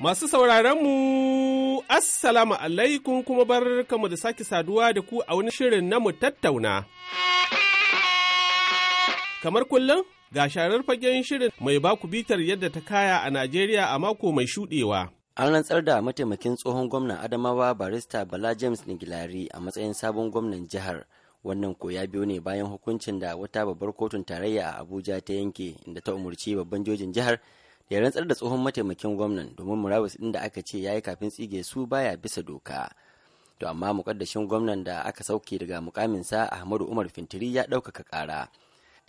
Masu mu Assalamu alaikum kuma bar kamu da sake saduwa da ku a wani shirin na mu tattauna. Kamar kullum, ga sharar fagen shirin mai baku bitar yadda ta kaya a Najeriya a mako mai shuɗewa. An rantsar da mataimakin tsohon gwamnan Adamawa barista Bala James Nigilari a matsayin sabon gwamnan jihar. wannan ko ya biyo ne bayan hukuncin da wata babbar kotun tarayya a abuja ta yanke inda ta umarci babban jojin jihar ya rantsar da tsohon mataimakin gwamnan domin murabus ɗin da aka ce ya yi kafin tsige su baya bisa doka. To amma mukaddashin gwamnan da aka sauke daga mukaminsa Ahmadu Umar Fintiri ya ɗaukaka ƙara.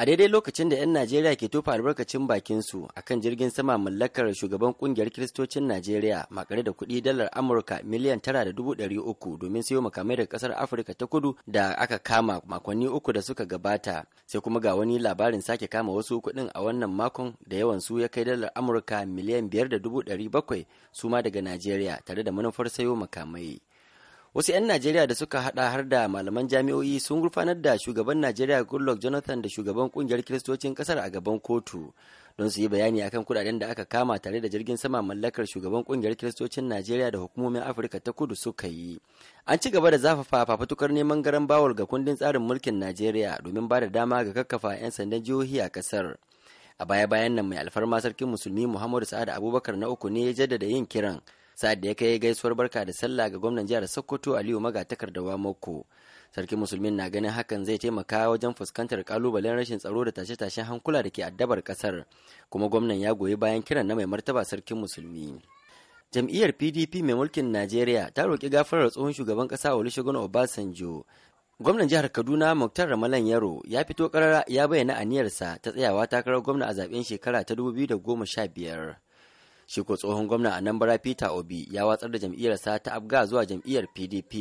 a daidai lokacin da 'yan najeriya ke tofa albarkacin bakinsu a kan jirgin sama mallakar shugaban kungiyar kiristocin najeriya makare da kuɗi dalar amurka miliyan tara da dubu ɗari uku domin sayo makamai daga ƙasar afirka ta kudu da aka kama makonni uku da suka gabata sai kuma ga wani labarin sake kama wasu kuɗin a wannan makon da yawan su ya kai dalar amurka miliyan biyar da dubu ɗari bakwai su daga najeriya tare da manufar sayo makamai Wasu 'yan Najeriya da suka hada har da malaman jami'o'i sun gurfanar da shugaban Najeriya Goodluck Jonathan da shugaban kungiyar Kiristocin kasar a gaban kotu don su yi bayani akan kudaden da aka kama tare da jirgin sama mallakar shugaban kungiyar Kiristocin Najeriya da hukumomin Afirka ta Kudu suka yi. An ci gaba da zafafa fafatukar neman garan bawul ga kundin tsarin mulkin Najeriya domin ba da dama ga kakkafa 'yan sandan jihohi a kasar. A baya-bayan nan mai alfarma sarkin musulmi Muhammadu Sa'ad Abubakar na uku ne ya jaddada yin kiran sa'ad da ya kai gaisuwar barka da sallah ga gwamnan jihar sokoto aliyu maga takardawa mako sarkin Musulmi na ganin hakan zai taimaka wajen fuskantar kalubalen rashin tsaro da tashe-tashen hankula da ke addabar kasar kuma gwamnan ya goyi bayan kiran na mai martaba sarkin musulmi jam'iyyar pdp mai mulkin najeriya ta roƙi gafarar tsohon shugaban ƙasa olusegun obasanjo gwamnan jihar kaduna muktar ramalan yaro ya fito karara ya bayyana aniyarsa ta tsayawa takarar gwamna a zaben shekara ta 2015 shi ko tsohon gwamna anambra peter obi ya watsar da jam'iyyarsa ta abga zuwa jam'iyyar pdp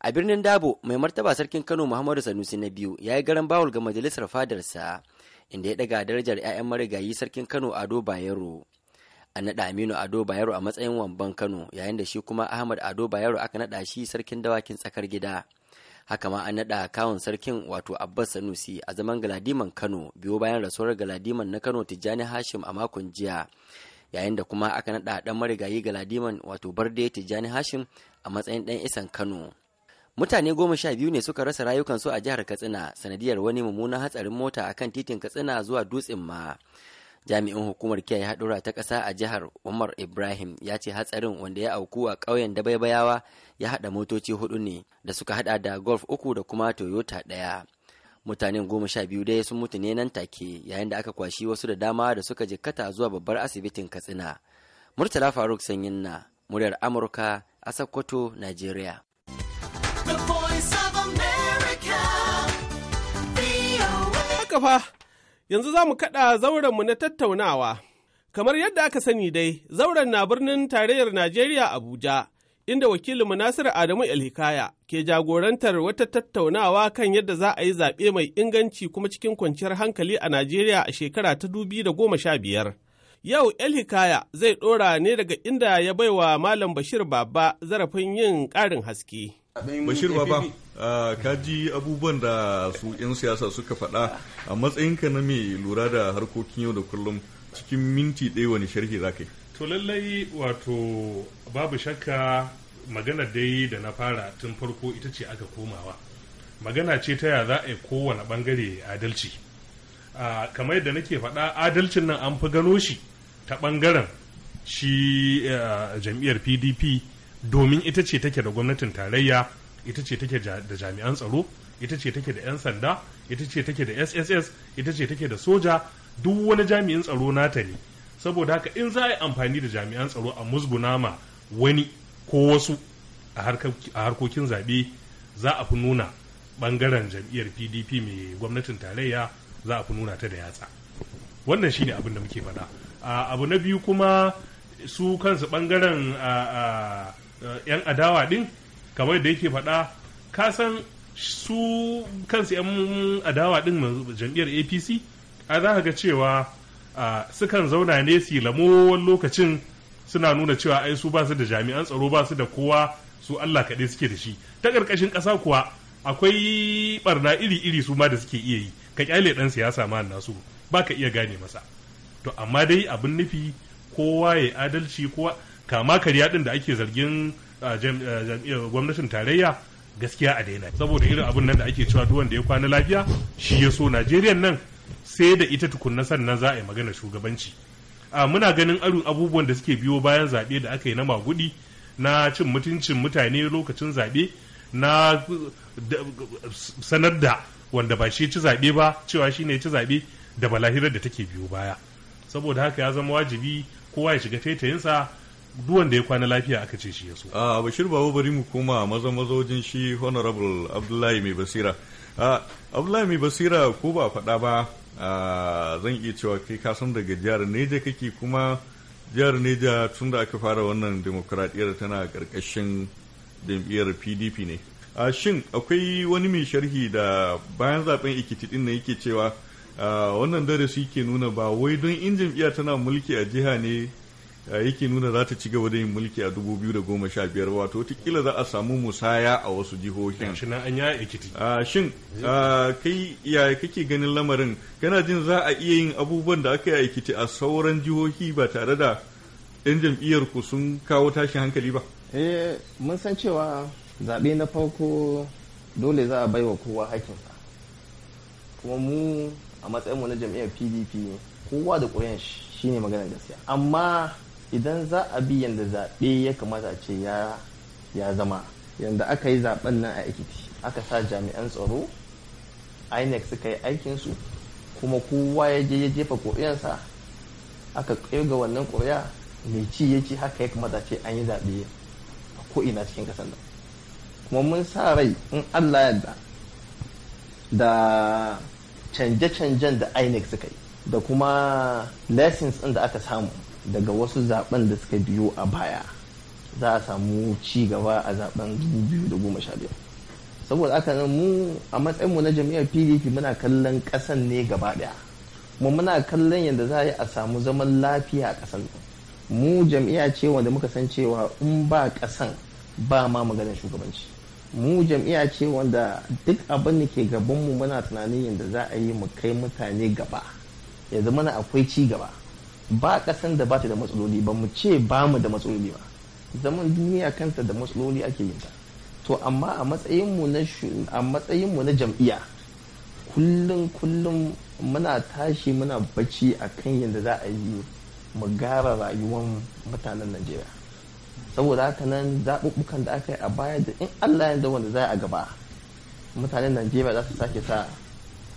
a birnin dabo mai martaba sarkin kano muhammadu sanusi na biyu ya yi garan bawul ga majalisar fadarsa inda ya daga darajar 'ya'yan marigayi sarkin kano ado bayero a naɗa aminu ado bayero a matsayin wamban kano yayin da shi kuma ahmad ado bayero aka naɗa shi sarkin dawakin tsakar gida haka ma an naɗa kawun sarkin wato abbas sanusi a zaman galadiman kano biyo bayan rasuwar galadiman na kano tijjani hashim a makon jiya yayin da kuma aka naɗa ɗan marigayi ga galadiman wato barde tijjani hashim a matsayin ɗan isan kano mutane goma sha biyu ne suka rasa rayukansu a jihar katsina sanadiyar wani mummunan hatsarin mota akan titin katsina zuwa dutsen ma jami'in hukumar kiyaye haɗura ta ƙasa a jihar umar ibrahim ya ce hatsarin wanda ya auku a ƙauyen dabaibayawa ya haɗa motoci hudu ne da suka haɗa da golf uku da kuma toyota ɗaya mutanen goma sha biyu dai sun mutu ne nan take yayin da aka kwashi wasu da dama da suka jikkata zuwa babbar asibitin katsina murtala faruk sanyin na muryar amurka a sokoto nigeria yanzu za mu kaɗa zaurenmu na tattaunawa kamar yadda aka sani dai zauren na birnin tarayyar najeriya abuja inda wakilinmu Nasiru Adamu Elhikaya ke jagorantar wata tattaunawa kan yadda za a yi zaɓe mai inganci kuma cikin kwanciyar hankali a Najeriya a shekara ta da goma sha biyar. Yau Elhikaya zai ɗora ne daga inda ya baiwa Malam Bashir Baba zarafin yin ƙarin haske. Bashir Baba, ka ji abubuwan da su 'yan siyasa suka faɗa a matsayinka na mai lura da harkokin yau da kullum cikin minti ɗaya wani sharhi za ka yi. to lallai wato babu shakka magana dai da na fara tun farko ita ce aka komawa magana ce ta ya za a yi kowane bangare adalci kamar yadda nake faɗa adalcin nan an fi gano shi ta bangaren shi eh, jam'iyyar pdp domin ita ce take da gwamnatin tarayya ita ce take da jami'an tsaro ita ce take da 'yan sanda ita ce take da sss ita ce take da soja duk wani jami'in tsaro nata ne saboda haka in za a yi amfani da jami'an tsaro a musguna ma wani ko wasu a harkokin zaɓe za a fi nuna ɓangaren jam'iyyar pdp mai gwamnatin tarayya za a fi nuna ta da yatsa wannan shi ne abin da muke faɗa abu na biyu kuma su kansu ɓangaren yan adawa ɗin kamar da yake faɗa kasan su kansu yan adawa ɗin jam'iyyar apc a za ga cewa sukan zauna ne su lamo lokacin suna nuna cewa ai su ba da jami'an tsaro ba su da kowa su Allah kaɗai suke da shi ta ƙarƙashin ƙasa kuwa akwai barna iri-iri su ma da suke iya yi ka kyale ɗan siyasa ma nasu ba ka iya gane masa to amma dai abin nufi kowa ya adalci kowa kama karya ɗin da ake zargin gwamnatin tarayya gaskiya a daina saboda irin abin nan da ake cewa duk wanda ya kwana lafiya shi ya so najeriya nan sai da ita tukunna sannan za a yi magana shugabanci a muna ganin arun abubuwan da suke biyo bayan zaɓe da aka yi na magudi na cin mutuncin mutane lokacin zaɓe na sanar da wanda ba shi ci zaɓe ba cewa shi ne ci zaɓe da balahirar da take biyo baya saboda haka ya zama wajibi kowa ya shiga taitayinsa duk wanda ya kwana lafiya aka ce shi ya so. a bashir babu bari mu koma maza maza wajen shi honorable abdullahi mai basira abdullahi mai basira ko ba faɗa ba zan iya cewa kai kasan daga jihar neja kake kuma jihar neja tun da aka fara wannan demokuraɗiyar tana ƙarƙashin jam'iyyar pdp ne a shin akwai wani mai sharhi da bayan zaben ikiti din yake cewa wannan darasi ke nuna ba wai don in jam'iyya tana mulki a jiha ne Eh, yake nuna za ta ci gaba da yin mulki a 2015 wato tikila za a samu musaya a wasu jihohin ah, shin an ah, ya ikiti shin kai ya kake ganin lamarin kana jin za a iya yin abubuwan da aka yi ikiti a sauran jihohi ba tare da yan jam'iyyar ku sun kawo tashin hankali ba eh mun san cewa zaɓe na farko dole za a bai wa kowa hakin kuma mu a matsayinmu na jam'iyyar pdp kowa da ƙuran shi ne maganar gaskiya amma idan za a bi yadda zaɓe ya kamata ce ya zama yadda aka yi zaɓen nan a ekiti aka sa jami'an tsaro inec suka yi aikinsu kuma kowa ya je ya jefa ƙuri'arsa aka ga wannan ƙuri'a mai ci ya ci haka ya kamata ce an yi zaɓe a ko'ina cikin ƙasar nan kuma mun sa rai in allah yadda da canje-canjen da inec suka yi da kuma lessons ɗin da aka samu daga wasu zaben da suka biyo a baya za a samu ci gaba a zaben 2015 saboda aka nan mu a matsayinmu na jami'ar pdp muna kallon kasan ne gaba daya mu muna kallon yadda za a yi a samu zaman lafiya a kasan mu jam'iyya ce wanda muka san cewa in ba kasan ba ma maganar shugabanci mu jami'a ce wanda duk abin da ke gabanmu muna tunanin yadda za a yi mu kai mutane gaba ya zama akwai ci gaba ba kasan da ba ta da matsaloli ba mu ce ba mu da matsaloli ba zaman duniya kanta da matsaloli ake yin ta to amma a matsayin mu na jam'iyya kullum kullum muna tashi muna bacci kan yadda za a yi mu gara rayuwar mutanen Najeriya saboda haka nan zaɓuɓɓukan da aka yi a baya da in Allah ya da za a gaba mutanen Najeriya za su sake sa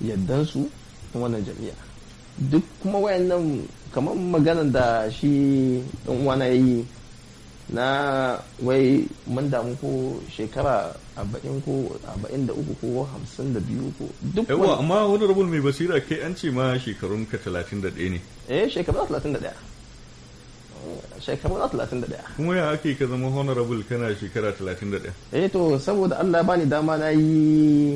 yaddansu ta wannan jam'iyya duk kuma wayannan kamar maganan da shi ɗan uwana ya yi na wai mun damu ko shekara arba'in ko arba'in da uku ko hamsin da biyu ko duk yawa amma wani rabul mai basira kai an ce ma shekarun ka talatin da ɗaya ne eh shekarun talatin da ɗaya shekarun talatin da ɗaya kuma ya ake ka zama honorable kana shekara talatin da ɗaya eh to saboda allah bani dama na yi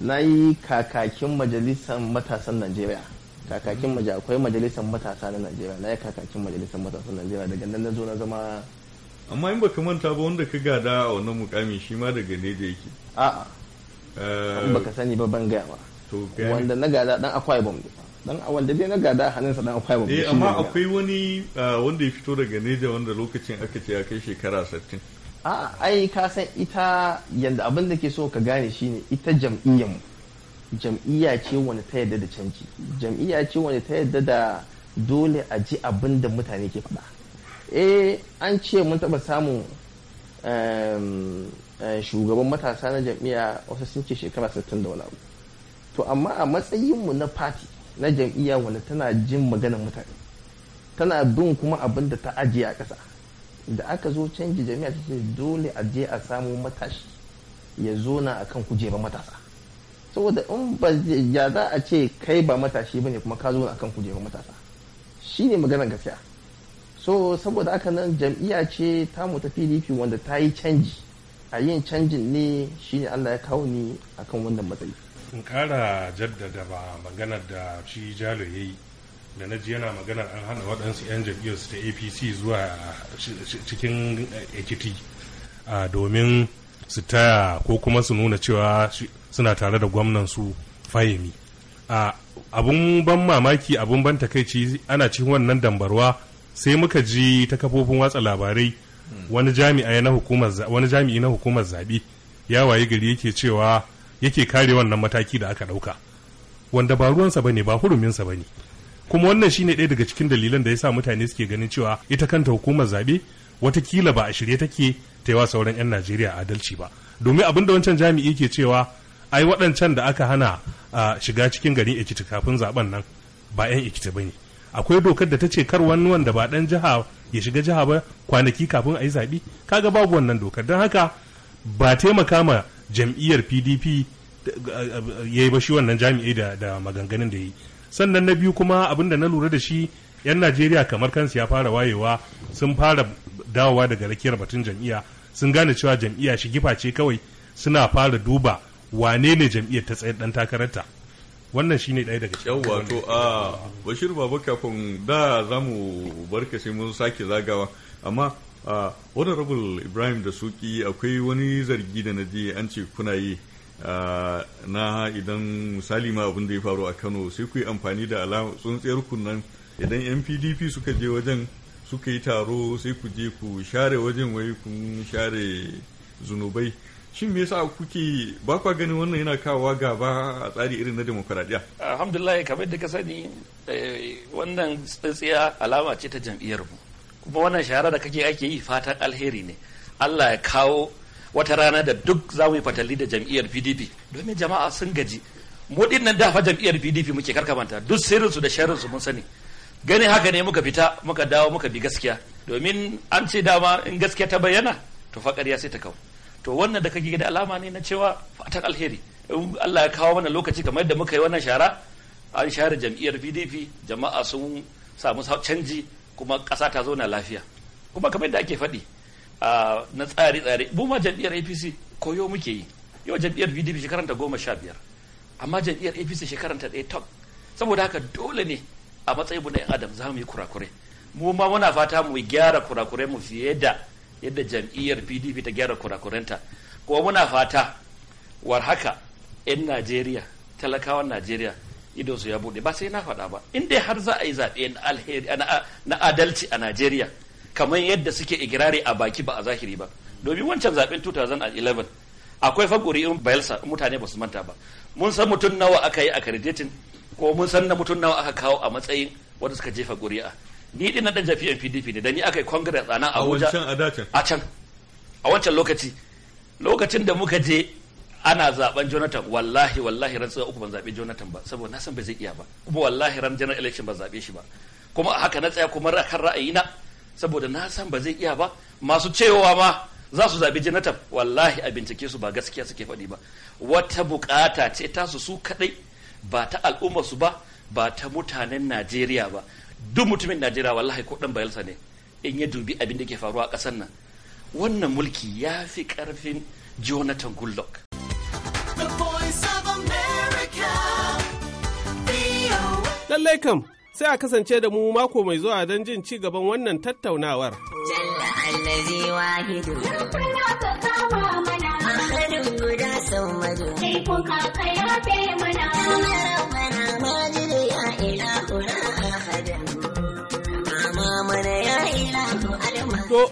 na yi kakakin majalisar matasan najeriya kakakin majalisa akwai majalisar matasa na najeriya na ya kakakin majalisar matasa na najeriya daga nan na zo na zama amma in baka manta ba wanda ka gada a wannan mukami shi ma daga neja yake a'a eh, in baka sani ba ban gaya ba wanda na gada dan akwai bom dan wanda dai na gada hannunsa dan akwai bom eh amma akwai wani eh, wanda ya fito daga neja wanda lokacin aka ce ya kai shekara 60 a'a ai ka san ita yanda abin da ke so ka gane shine ita jam'iyyar mu jam'iyya ce wani ta yadda da canji jam'iyya ce wani ta yadda da dole a ji abin da mutane ke faɗa eh an ce mun taɓa samun ehm, eh, shugaban matasa na jam'iyya wasu sun ce shekara 60 da wani abu to amma a matsayinmu na fati na jam'iyya wani tana jin maganar mutane tana bin kuma abin da ta ajiye a ƙasa da aka zo canji jami'a ta ce dole a je a samu matashi ya zo na akan kujerar matasa saboda in ba ya za a ce kai ba matashi bane kuma ka zo a akan kujeru matasa shi ne maganar gaskiya so saboda haka nan jam'iyya ce ta mu ta pdp wanda ta yi canji a yin canjin ne shine allah ya kawo ni akan wannan matsayi in kara jaddada ba maganar da shi jalo ya yi da na ji yana maganar an hana waɗansu 'yan jam'iyyar su ta apc zuwa cikin ekiti domin su taya ko kuma su nuna cewa suna tare da gwamnan su fahimi a abun ban mamaki abun ban takaici ana cikin wannan dambarwa sai muka ji ta kafofin watsa labarai wani jami'i na hukumar wani jami'i na hukumar zabe ya waye gari yake cewa yake kare wannan mataki da aka dauka wanda ba ruwansa bane ba huruminsa bane kuma wannan shine ɗaya daga cikin dalilan da ya mutane suke ganin cewa ita kanta hukumar zabe watakila ba a shirye take taiwa sauran 'yan najeriya adalci ba domin abin da wancan jami'i ke cewa ai waɗancan da aka hana shiga cikin garin ekiti kafin zaben nan ba 'yan ekiti ba ne akwai dokar da ta ce kar wani wanda ba ɗan jiha ya shiga jiha ba kwanaki kafin a yi zaɓe kaga babu wannan dokar don haka ba taimaka ma jam'iyyar pdp eh, ya yi ba shi wannan jami'i da maganganun da ya yi sannan na biyu kuma abin da na lura da shi 'yan najeriya kamar kansu ya fara wayewa sun fara dawowa daga rakiyar batun jam'iyya sun gane cewa jam'iyya shi gifa ce kawai suna fara duba wane ne jam'iyyar ta tsayar dan takararta wannan shi ne ɗaya daga cikin yawwa to a bashir baba kafin da za mu barka sai mun sake zagawa amma a honorable ibrahim da suki akwai wani zargi da na je an ce kuna yi na idan misali ma abin da ya faru a kano sai ku yi amfani da alamar tsuntsiyar kunnan idan yan suka je wajen suka yi taro sai ku je ku share wajen wai kun share zunubai shin me yasa kuke ba kwa ganin wannan yana kawowa gaba a tsari irin na demokradiya alhamdulillah kamar da ka sani eh, wannan tsintsiya alama ce ta jam'iyyar mu kuma wannan shahara da kake ake yi fatan alheri ne Allah ya kawo wata rana da duk za mu yi fatali da jam'iyyar PDP domin jama'a sun gaji mu dinnan da fa jam'iyyar PDP muke karkamanta duk sirrinsu da su mun sani ganin haka ne muka fita muka dawo muka bi gaskiya domin an ce dama in gaskiya ta bayyana to fa ƙarya sai ta kawo to wannan da kake da alama ne na cewa fatan alheri in Allah ya kawo mana lokaci kamar yadda muka yi wannan shara an share jam'iyyar PDP jama'a sun samu canji kuma ƙasa ta na lafiya kuma kamar yadda ake faɗi na tsare-tsare mu ma jam'iyyar APC koyo muke yi yau jam'iyyar PDP shekaranta goma sha biyar amma jam'iyyar APC shekaranta ɗaya top saboda haka dole ne a matsayin na adam za mu yi kurakure. mu ma muna fata mu gyara kurakure mu fiye da yadda jam'iyyar pdp ta gyara kurakurenta kuma muna fata war haka 'yan najeriya talakawan najeriya ido su ya bude ba sai na faɗa ba in dai har za a yi zaɓe na adalci a najeriya kamar yadda suke igirari a baki ba a zahiri ba domin wancan zaɓen 2011 akwai fagori in bayelsa mutane ba su manta ba mun san mutum nawa aka yi a kreditin ko mun san na mutum nawa aka kawo a matsayin wanda suka jefa ƙuri'a ni din dan jam'iyyar PDP ne da ni aka yi congress a nan Abuja a can a wancan lokaci lokacin da muka je ana zaben Jonathan wallahi wallahi ran uku ban zabe Jonathan ba saboda na san ba zai iya ba kuma wallahi ran general election ban zabe shi ba kuma haka na tsaya kuma kan ra'ayina saboda na san ba zai iya ba masu cewa ma za su zaɓe Jonathan wallahi a bincike su ba gaskiya suke faɗi ba wata bukata ce tasu su kaɗai ba ta al'ummar su ba ba ta mutanen Najeriya ba duk mutumin Najeriya wallahi ko dan bayelsa ne in ya dubi abin da ke faruwa a ƙasar nan wannan mulki ya fi ƙarfin Jonathan Goodluck Lallai kam sai a kasance da mu mako mai zuwa don jin ci gaban wannan tattaunawar. Jalla wahidu. To,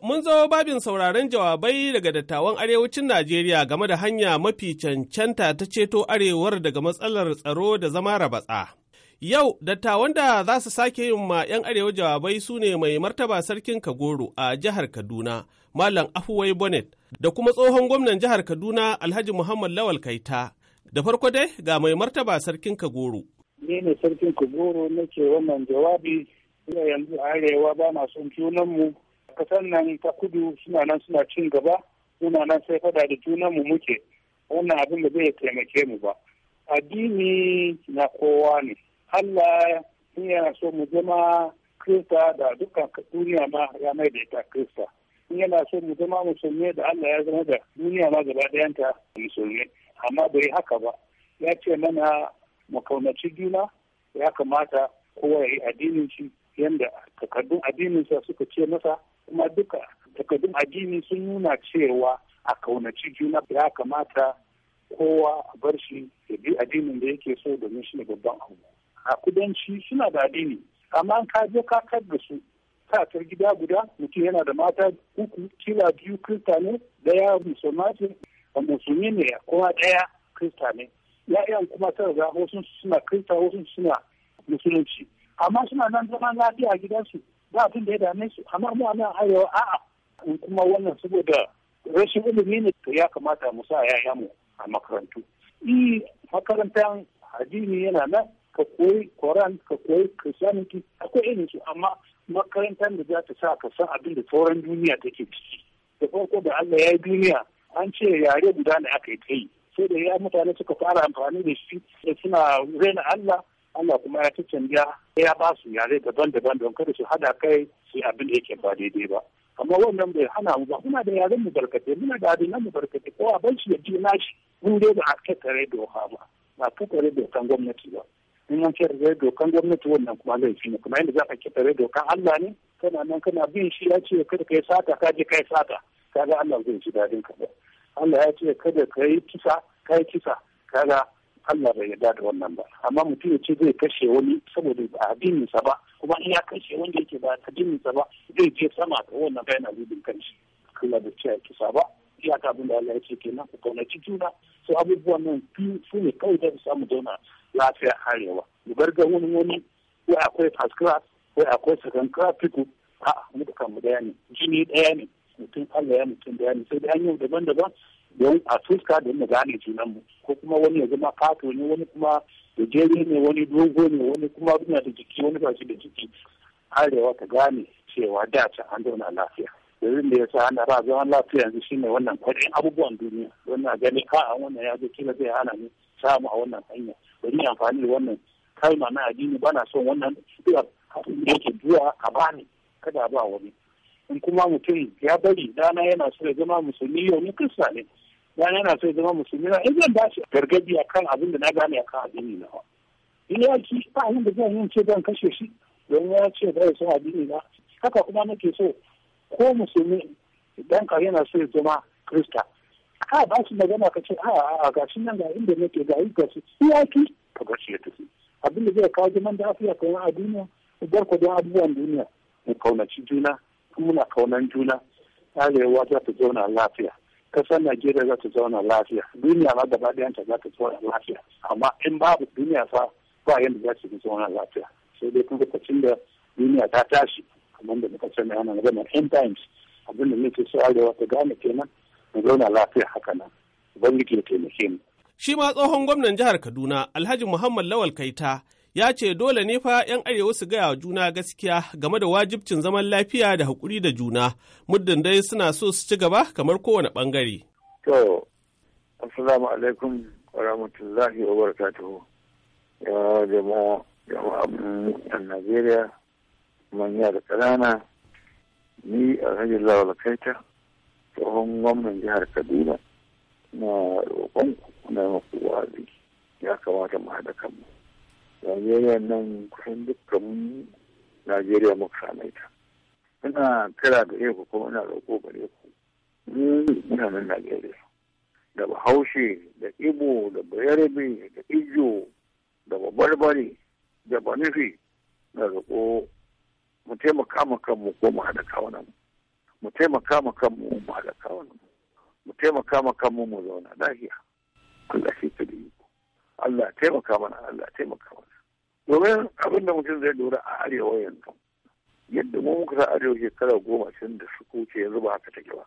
mun zo babin sauraron jawabai daga dattawan arewacin Najeriya game da hanya mafi cancanta ta ceto arewar daga matsalar tsaro da zama rabatsa. Yau, dattawan da za su sake yin ma 'yan arewa jawabai su ne mai martaba sarkin Kagoro a jihar Kaduna, Malam Afuwai Bonnet, da kuma tsohon gwamnan jihar Kaduna Alhaji Muhammad Lawal Kaita, Da farko dai ga mai martaba sarkin Kagoro. Ni ne sarkin Kagoro nake wannan jawabi ina yanzu a arewa ba na son junanmu kasar nan ta kudu suna nan suna cin gaba suna nan sai fada da junanmu muke wannan abin da zai taimake mu ba. Addini na kowa ne. Allah yana so mu zama kirista da dukkan duniya ma ya mai da ita In yana so mu zama musulmi da Allah ya zama da duniya ma gaba dayanta musulmi. amma bai haka ba ya ce mana makaunaci juna ya kamata kowa ya yi addinin shi yadda takardun addininsa suka ce masa kuma duka takardun addini sun nuna cewa a kaunaci juna ya kamata kowa a bar shi ya bi addinin da yake so domin shi ne babban abu a kudanci suna da addini amma ka je ka da su tatar gida guda mutum yana da mata uku kila biyu kirta ne daya musulma ce ba musulmi ne kowa ɗaya krista ne ya'yan kuma ta riga wasu suna krista wasu suna musulunci amma suna nan zama lafiya a gidansu ba abin da ya dame su amma mu a nan arewa a'a in kuma wannan saboda rashin ilimi ne ya kamata mu sa yaya mu a makarantu i makarantar addini yana nan ka koyi koran ka koyi christianity akwai irin su amma makarantar da za ta sa ka san abin da sauran duniya take ciki da farko da Allah ya yi duniya an ce yare guda ne aka yi ta yi sai da ya mutane suka fara amfani da shi da suna rena Allah Allah kuma ya ta canja ya ba su yare daban-daban don kada su hada kai su abin da yake ba daidai ba amma wannan bai hana mu ba muna da yaren mu barkatai muna da abin mu barkatai kowa ban shi ya ji shi mun dai ba a kakkare doka ba ba kakkare dokan gwamnati ba in an kakkare dokan gwamnati wannan kuma laifi ne kuma yadda za ka kakkare dokan Allah ne kana nan kana bin shi ya ce kada kai sata ka je kai sata kaga Allah zai ji dadin ka ba Allah ya ce kada ka yi kisa ka yi kisa kaga Allah bai yarda da wannan ba amma mutum ya ce zai kashe wani saboda ba sa ba kuma in ya kashe wanda yake ba sa ba zai je sama ka wannan na alibin kanshi kuma da ce kisa ba ya abin da Allah ya ce kenan ku kaunaci juna so abubuwan nan biyu su ne kawai da samu zauna lafiya arewa mu bar ga wani wani wai akwai first class wai akwai second class a'a mu kan mu daya ne jini daya ne mutum Allah ya mutum bayani sai da hanyar daban-daban don a fuska don mu gane junanmu ko kuma wani ya zama kato ne wani kuma da jere ne wani dogo ne wani kuma yana da jiki wani ba shi da jiki arewa ta gane cewa da ta an zauna lafiya yanzu da ya sa ana ba zaman lafiya yanzu shine wannan kwaɗin abubuwan duniya na gani a wannan ya zo kila zai hana ni samu a wannan hanya bari amfani da wannan kalma na addini bana son wannan duk yake duwa a bani kada ba wani in kuma mutum ya bari dana yana so ya zama musulmi yau ni kirista ne dana yana so ya zama musulmi na in zan bashi gargadi akan abin da na gane akan addini na in ya ci ba abin da zan yi ce zan kashe shi don ya ce ba ya so addini na haka kuma nake so ko musulmi idan ka yana so ya zama kirista a ba su magana ka ce a a ga shi nan ga inda nake ga yi ga su ya ki ka ga shi ya tafi abin da zai kawo zaman da afiya kuma a duniya ku bar don abubuwan duniya mu kaunaci juna muna kaunan juna arewa za ta zauna lafiya kasar najeriya za ta zauna lafiya duniya ma gaba ɗayanta za ta zauna lafiya amma in babu duniya fa ba yadda za ta zauna lafiya sai dai kuma lokacin da duniya ta tashi kamar da muka sani ana magana end times abin da nake so arewa ta gane kenan mu zauna lafiya haka nan ubangiji ya taimake mu shi ma tsohon gwamnan jihar kaduna alhaji muhammad lawal kaita ya ce dole ne fa 'yan arewa su gaya wa juna gaskiya game da wajibcin zaman lafiya da haƙuri da juna muddin dai suna so su ci gaba kamar kowane ɓangare. To, assalamu alaikum wa rahmatullahi wa barakatuhu. Ya jama'a jama'a Najeriya, manya da ƙanana, ni a rajin lawal kaita, tsohon gwamnan jihar Kaduna, na roƙon na ya kamata mu haɗa kanmu. najeriya nan kusan dukkan najeriya muka same ta ina kira ga ku kuma ina roƙo gare ku nan najeriya da bahaushe da ibo da bayarbe da ijo da Babarbari, da Banifi, na roƙo mu taimaka ma kanmu ko mu haɗa kawunan mu taimaka ma kanmu mu haɗa kawunan mu taimaka ma kanmu mu zauna lafiya Allah shi ta Allah taimaka mana Allah taimaka mana domin abin da mutum zai lura a arewa yanzu yadda mu muka sa arewa shekara goma sun da su kuce yanzu ba haka take ba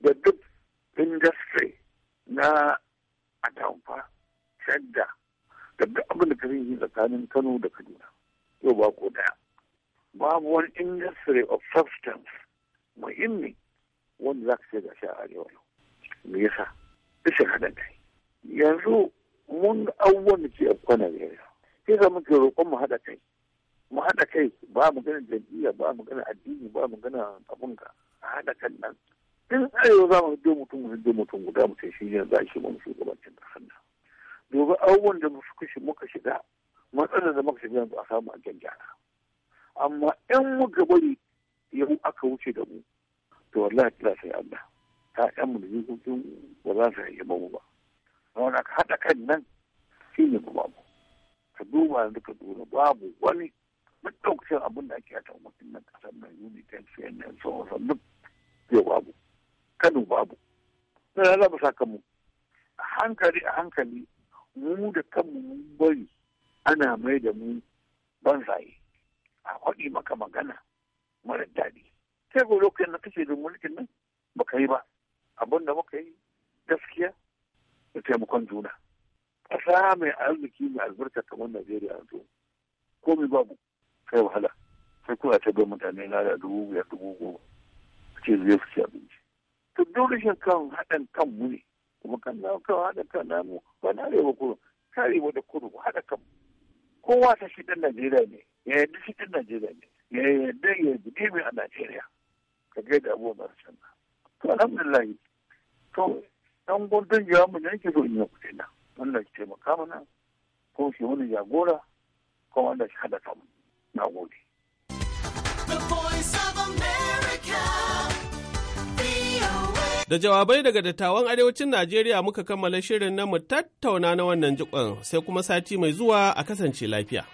da duk industry na atamfa shadda da duk abin da kafin yi tsakanin kano da kaduna yau ba ko daya babu wani industry of substance muhimmi wanda za ka ce shi a arewa me yasa shi haɗin kai yanzu mun abubuwan da ke na Najeriya. Sai sa muke roƙon mu haɗa kai. Mu haɗa kai ba mu gana jam'iyya ba mu gana addini ba mu gana abun ka a haɗa kan nan. Tun arewa za mu hiddo mutum mu hiddo mutum guda mu ce shi ne za shi mu shugabancin ƙasar nan. Domin abubuwan da muka shiga matsalar da muka shiga yanzu a samu a gyara. Amma in muka bari yau aka wuce da mu to wallahi kira sai Allah. mu da jikokin ba za su haifi mu ba. wani haɗa kan nan shi ne babu ka duba yanzu ka duba babu wani maɗaukacin abin da ake a kan mutum na ƙasar nan unitel cnn so wasan duk zai babu kano babu na lalaba sakamu a hankali a hankali mu da kanmu mun bari ana mai da mu banzaye a kwaɗi maka magana mara daɗi sai ko lokacin na kashe da mulkin nan baka yi ba abin da muka yi gaskiya da taimakon juna ƙasa mai arziki mai albarka kamar najeriya yanzu komai babu sai wahala sai kuna ta bai mutane na da dubu biyar dubu goma ce zai fi abinci to dole shi kan haɗin kan mu ne kuma kan na kan haɗin kan namu ba na arewa kudu arewa da kudu haɗa kan kowa ta shi ɗan najeriya ne ya yarda shi ɗan najeriya ne ya yadda ya yi mai a najeriya ka gaida abubuwan masu canza to alhamdulillah to ɗan gudun jawa mu yanke zo in yi kuɗi wanda ke taimaka mana ko shi wani jagora ko wanda shi haɗa kanmu na gode. Da jawabai daga dattawan arewacin Najeriya muka kammala shirin na mu tattauna na wannan jikon sai kuma sati mai zuwa a kasance lafiya.